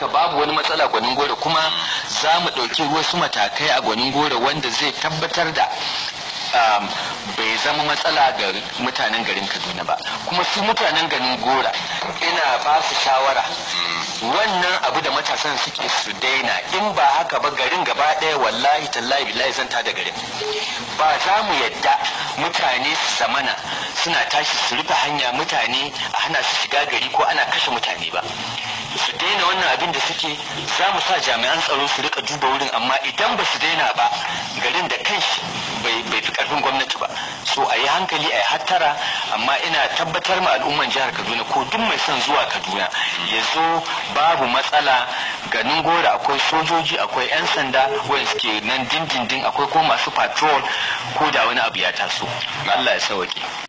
haka babu wani matsala gwanin gore kuma za mu ɗauki wasu matakai a gwanin gore wanda zai tabbatar da um, bai zama matsala ga mutanen garin kaduna ba kuma su mutanen garin gora ina ba su shawara wannan abu da matasan suke su daina in ba haka ba garin gaba ɗaya wallahi tallahi billahi zan ta da garin ba za mu yadda mutane su zamana suna tashi su rufe hanya mutane a hana su shiga gari ko ana kashe mutane ba su daina wannan abin da suke za mu sa jami'an tsaro su rika duba wurin amma idan ba su daina ba garin da kanshi so a yi hankali a yi hattara amma ina tabbatar ma al'ummar jihar kaduna ko duk mai son zuwa kaduna ya zo babu matsala ganin gora akwai sojoji akwai 'yan sanda wanda suke nan dindindin akwai ko masu patrol ko da wani abu ya taso allah ya sauke